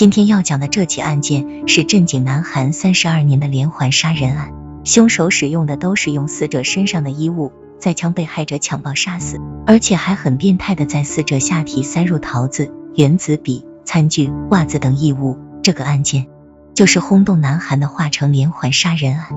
今天要講的這起案件是震驚南韓三十二年的連環殺人案，凶手使用的都是用死者身上的衣物，再將被害者強暴殺死，而且還很變態的在死者下體塞入桃子、原子筆、餐具、襪子等異物。這個案件就是轟動南韓的華城連環殺人案。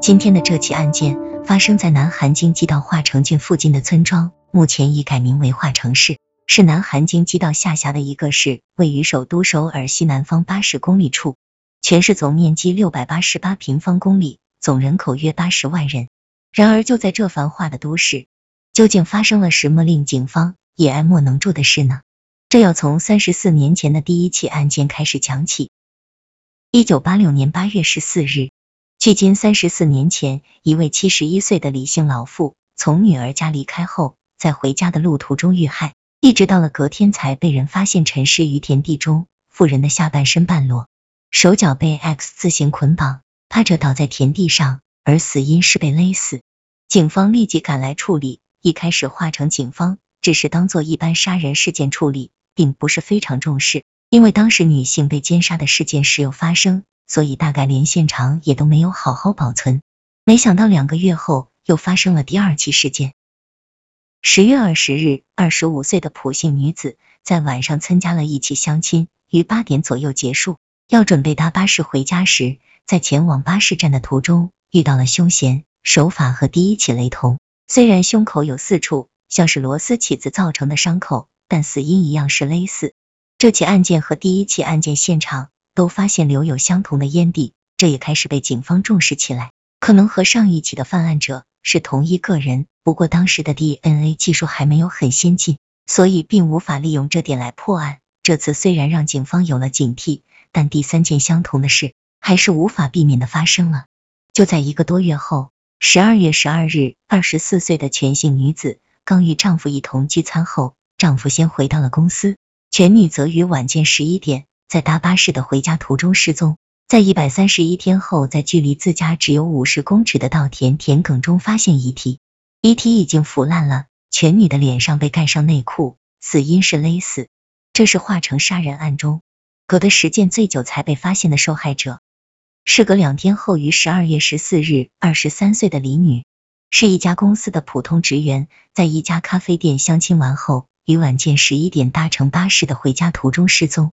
今天的這起案件發生在南韓京畿道華城郡附近的村莊，目前已改名為華城市。是南韓京畿道下轄的一個市，位於首都首爾西南方八十公里處。全市總面積六百八十八平方公里，總人口約八十萬人。然而，就在這繁華的都市，究竟發生了什麼令警方也愛莫能助的事呢？這要從三十四年前的第一起案件開始講起。一九八六年八月十四日，距今三十四年前，一位七十一歲的李姓老婦從女兒家離開後，在回家的路途中遇害。一直到了隔天才被人發現，陳屍於田地中，婦人的下半身半裸，手腳被 X 字形捆綁，趴着倒在田地上，而死因是被勒死。警方立即趕來處理，一開始華城警方只是當做一般殺人事件處理，並不是非常重視，因為當時女性被姦殺的事件時有發生，所以大概連現場也都沒有好好保存。沒想到兩個月後，又發生了第二起事件。十月二十日，二十五歲的朴姓女子在晚上參加了一起相親，於八點左右結束，要準備搭巴士回家時，在前往巴士站的途中遇到了凶嫌，手法和第一起雷同。雖然胸口有四處像是螺絲起子造成的傷口，但死因一樣是勒死。這起案件和第一起案件現場都發現留有相同的煙蒂，這也開始被警方重視起來。可能和上一起的犯案者是同一個人，不過當時的 DNA 技術還沒有很先進，所以並無法利用這點來破案。這次雖然讓警方有了警惕，但第三件相同的事還是無法避免的發生了。就在一個多月後，十二月十二日，二十四歲的全姓女子剛與丈夫一同聚餐後，丈夫先回到了公司，全女則於晚間十一點在搭巴士的回家途中失蹤。在一百三十一天後，在距離自家只有五十公尺的稻田田埂中發現遺體，遺體已經腐爛了。全女的臉上被蓋上內褲，死因是勒死。這是華城殺人案中隔的時間最久才被發現的受害者。事隔兩天後，於十二月十四日，二十三歲的李女，是一家公司的普通職員，在一家咖啡店相親完後，於晚間十一點搭乘巴士的回家途中失蹤。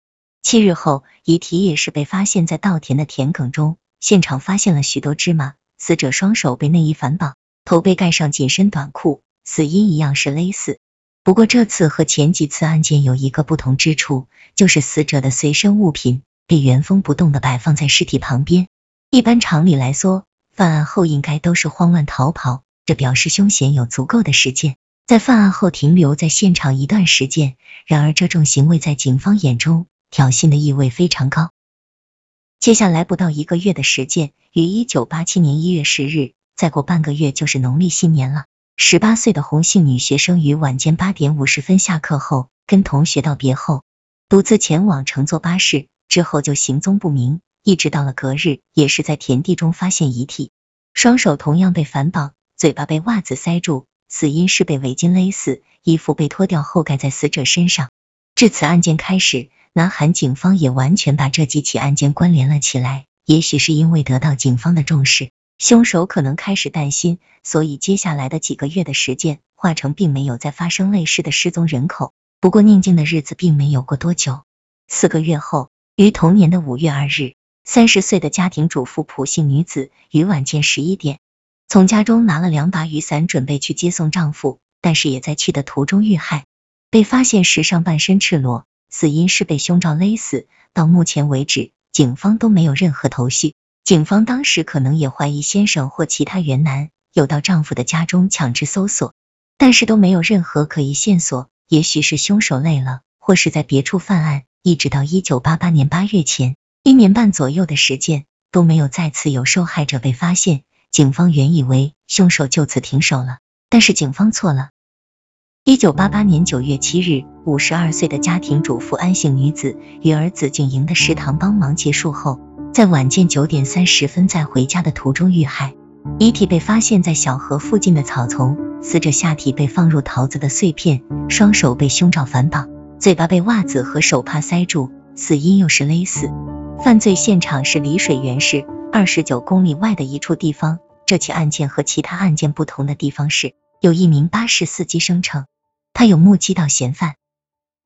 七日後，遺體也是被發現在稻田的田埂中，現場發現了許多芝麻，死者雙手被內衣反綁，頭被蓋上緊身短褲，死因一樣是勒死。不過這次和前幾次案件有一個不同之處，就是死者的隨身物品被原封不動地擺放在屍體旁邊。一般常理來說，犯案後應該都是慌亂逃跑，這表示凶嫌有足夠的時間在犯案後停留在現場一段時間。然而這種行為在警方眼中，挑釁的意味非常高。接下來不到一個月的時間，於一九八七年一月十日，再過半個月就是農曆新年了。十八歲的洪姓女學生於晚間八點五十分下課後，跟同學道別後，獨自前往乘坐巴士，之後就行蹤不明，一直到了隔日，也是在田地中發現遺體，雙手同樣被反綁，嘴巴被襪子塞住，死因是被圍巾勒死，衣服被脫掉後蓋在死者身上。至此，案件開始。南韓警方也完全把這幾起案件關聯了起來，也許是因為得到警方的重視，凶手可能開始擔心，所以接下來的幾個月的時間，華城並沒有再發生類似的失蹤人口。不過，寧靜的日子並沒有過多久。四個月後，於同年的五月二日，三十歲的家庭主婦朴姓女子於晚間十一點從家中拿了兩把雨傘，準備去接送丈夫，但是也在去的途中遇害，被發現時上半身赤裸。死因是被胸罩勒死，到目前為止，警方都沒有任何頭緒。警方當時可能也懷疑先生或其他原男有到丈夫的家中強制搜索，但是都沒有任何可疑線索。也許是凶手累了，或是在別處犯案，一直到一九八八年八月前，一年半左右的時間都沒有再次有受害者被發現。警方原以為凶手就此停手了，但是警方錯了。一九八八年九月七日，五十二歲的家庭主婦安姓女子與兒子經營的食堂幫忙結束後，在晚間九點三十分在回家的途中遇害，遺體被發現在小河附近的草叢，死者下體被放入桃子的碎片，雙手被胸罩反綁，嘴巴被襪子和手帕塞住，死因又是勒死。犯罪現場是離水原市二十九公里外的一處地方。這起案件和其他案件不同的地方是，有一名巴士司機聲稱。他有目擊到嫌犯。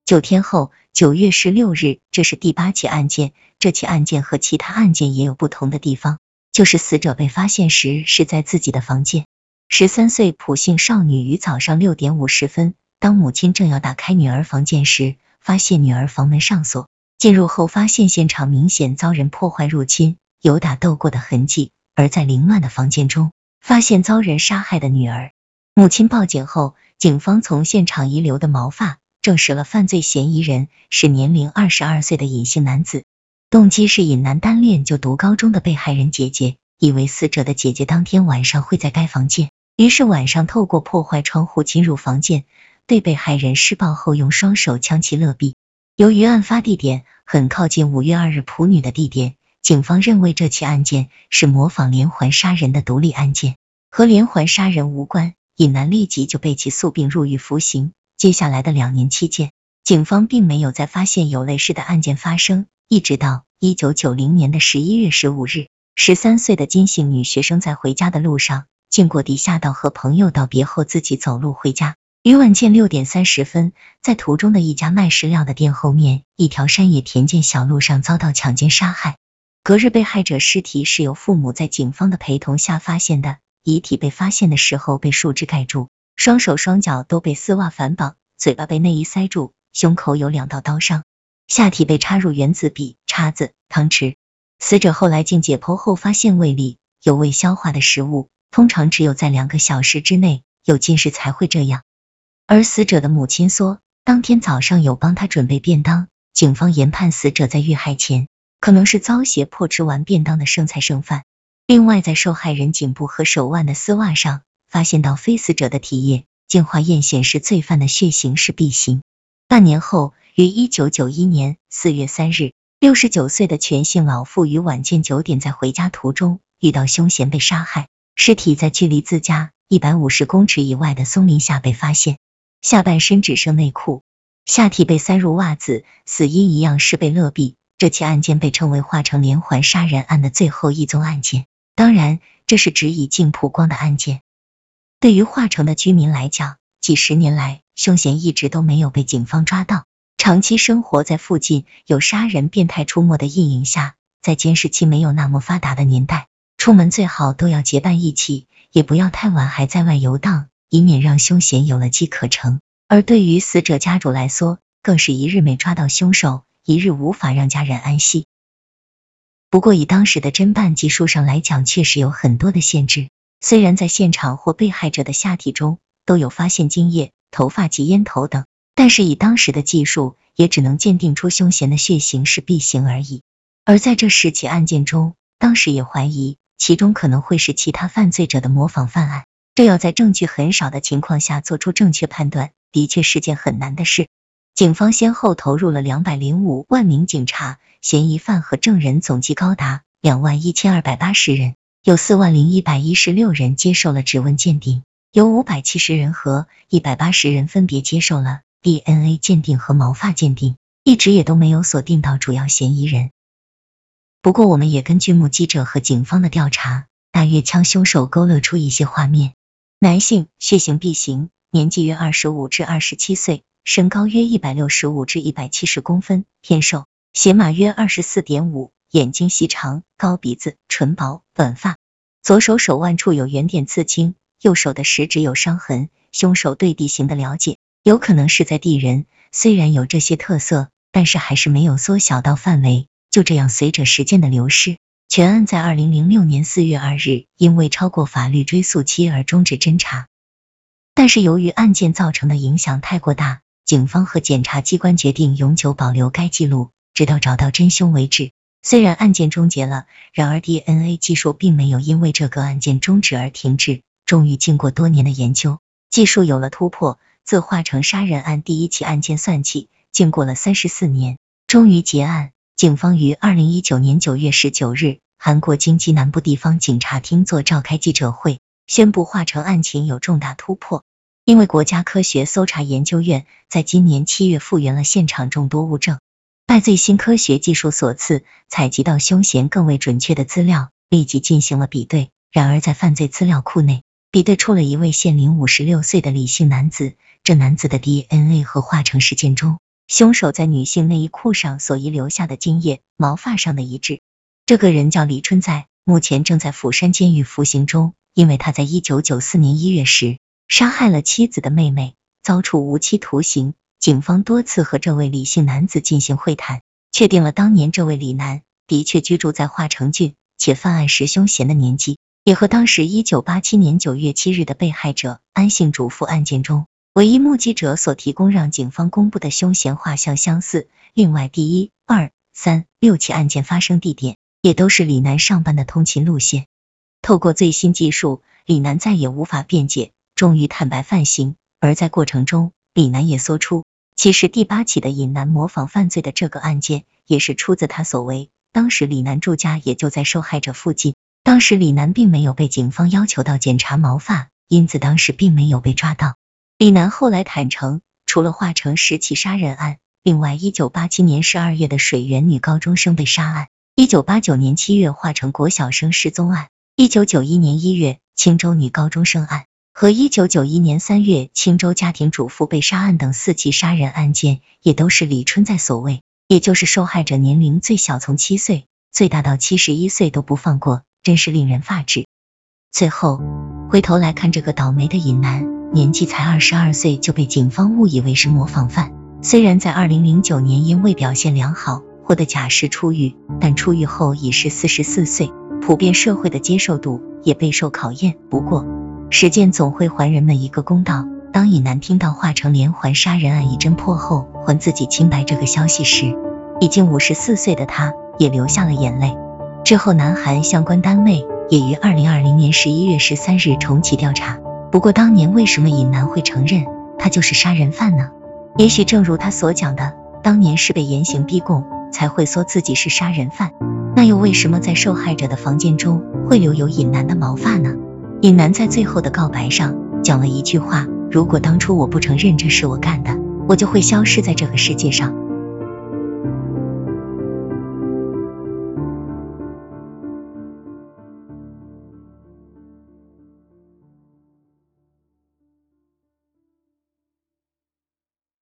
九天後，九月十六日，這是第八起案件。這起案件和其他案件也有不同的地方，就是死者被發現時是在自己的房間。十三歲朴姓少女於早上六點五十分，當母親正要打開女兒房間時，發現女兒房門上鎖。進入後，發現現場明顯遭人破壞入侵，有打鬥過的痕迹。而在凌亂的房間中，發現遭人殺害的女兒。母親報警後。警方從現場遺留的毛髮證實了犯罪嫌疑人是年齡二十二歲的尹姓男子，動機是尹男單戀就讀高中的被害人姐姐，以為死者的姐姐當天晚上會在該房間，於是晚上透過破壞窗戶進入房間，對被害人施暴後用雙手將其勒斃。由於案發地點很靠近五月二日朴女的地點，警方認為這起案件是模仿連環殺人的獨立案件，和連環殺人無關。尹南立即就被起訴並入獄服刑。接下來的兩年期間，警方並沒有再發現有類似的案件發生，一直到一九九零年的十一月十五日，十三歲的金姓女學生在回家的路上，經過地下道和朋友道別後，自己走路回家。於晚間六點三十分，在途中的一家賣石料的店後面一條山野田間小路上遭到強姦殺害。隔日，被害者屍體是由父母在警方的陪同下發現的。遺體被發現的時候，被樹枝蓋住，雙手雙腳都被絲襪反綁，嘴巴被內衣塞住，胸口有兩道刀傷，下體被插入原子筆、叉子、湯匙。死者後來經解剖後發現胃裡有未消化的食物，通常只有在兩個小時之內有進食才會這樣。而死者的母親說，當天早上有幫他準備便當。警方研判，死者在遇害前可能是遭脅迫吃完便當的剩菜剩飯。另外，在受害人頸部和手腕的絲襪上發現到非死者的體液，經化驗顯示罪犯的血型是 B 型。半年後，於一九九一年四月三日，六十九歲的全姓老婦於晚間九點在回家途中遇到凶嫌被殺害，屍體在距離自家一百五十公尺以外的松林下被發現，下半身只剩內褲，下體被塞入襪子，死因一樣是被勒斃。這起案件被稱為華城連環殺人案的最後一宗案件。當然，這是指已經曝光的案件。對於華城的居民來講，幾十年來凶嫌一直都沒有被警方抓到，長期生活在附近有殺人變態出沒的陰影下。在監視器沒有那麼發達的年代，出門最好都要結伴一起，也不要太晚還在外遊蕩，以免讓凶嫌有了機可乘。而對於死者家屬來說，更是一日沒抓到凶手，一日無法讓家人安息。不過以當時的偵辦技術上來講，確實有很多的限制。雖然在現場或被害者的下體中都有發現精液、頭髮及煙頭等，但是以當時的技術，也只能鑑定出凶嫌的血型是 B 型而已。而在這十起案件中，當時也懷疑其中可能會是其他犯罪者的模仿犯案。這要在證據很少的情況下做出正確判斷，的確是件很難的事。警方先後投入了兩百零五萬名警察，嫌疑犯和證人總計高達兩萬一千二百八十人，有四萬零一百一十六人接受了指紋鑑定，有五百七十人和一百八十人分別接受了 DNA 鑑定和毛髮鑑定，一直也都沒有鎖定到主要嫌疑人。不過，我們也根據目擊者和警方的調查，大約將凶手勾勒出一些畫面：男性，血型 B 型，年紀約二十五至二十七歲。身高約一百六十五至一百七十公分，偏瘦，鞋碼約二十四點五，眼睛細長，高鼻子，唇薄，短髮，左手手腕處有圓點刺青，右手的食指有傷痕。兇手對地形的了解，有可能是在地人。雖然有這些特色，但是還是沒有縮小到範圍。就這樣，隨着時間的流失，全案在二零零六年四月二日因為超過法律追訴期而終止偵查。但是由於案件造成的影響太過大。警方和檢察機關決定永久保留該記錄，直到找到真兇為止。雖然案件終結了，然而 DNA 技術並沒有因為這個案件終止而停滯。終於，經過多年的研究，技術有了突破。自華城殺人案第一起案件算起，經過了三十四年，終於結案。警方於二零一九年九月十九日，韓國京畿南部地方警察廳座召開記者會，宣布華城案情有重大突破。因為國家科學搜查研究院在今年七月復原了現場眾多物證，拜最新科學技術所賜，採集到兇嫌更為準確的資料，立即進行了比對。然而，在犯罪資料庫內比對出了一位現年五十六歲的李姓男子，這男子的 DNA 和華城事件中兇手在女性內衣褲上所遺留下的精液、毛髮上的一致。這個人叫李春在，目前正在釜山監獄服刑中，因為他在一九九四年一月時，殺害了妻子的妹妹，遭處無期徒刑。警方多次和這位李姓男子進行會談，確定了當年這位李男的確居住在華城郡，且犯案時兇嫌的年紀也和當時一九八七年九月七日的被害者安姓主婦案件中唯一目擊者所提供讓警方公布的兇嫌畫像相似。另外，第一、二、三、六起案件發生地點也都是李男上班的通勤路線。透過最新技術，李男再也無法辯解。終於坦白犯行，而在過程中，李楠也說出，其實第八起的尹南模仿犯罪的這個案件，也是出自他所為。當時李楠住家也就在受害者附近，當時李楠並沒有被警方要求到檢查毛髮，因此當時並沒有被抓到。李楠後來坦承，除了華城十起殺人案，另外一九八七年十二月的水源女高中生被殺案，一九八九年七月華城國小生失蹤案，一九九一年一月青州女高中生案。和一九九一年三月青州家庭主婦被殺案等四起殺人案件，也都是李春在所為，也就是受害者年齡最小從七歲，最大到七十一歲都不放過，真是令人髮指。最後回頭來看這個倒霉的尹男，年紀才二十二歲就被警方誤以為是模仿犯，雖然在二零零九年因為表現良好獲得假釋出獄，但出獄後已是四十四歲，普遍社會的接受度也備受考驗。不過。時間總會還人們一個公道。當尹南聽到華城連環殺人案已偵破後還自己清白這個消息時，已經五十四歲的他，也流下了眼淚。之後，南韓相關單位也於二零二零年十一月十三日重啟調查。不過，當年為什麼尹南會承認他就是殺人犯呢？也許正如他所講的，當年是被嚴刑逼供，才會說自己是殺人犯。那又為什麼在受害者的房間中會留有尹南的毛髮呢？尹楠在最後的告白上講了一句話：“如果當初我不承認這是我幹的，我就會消失在這個世界上。”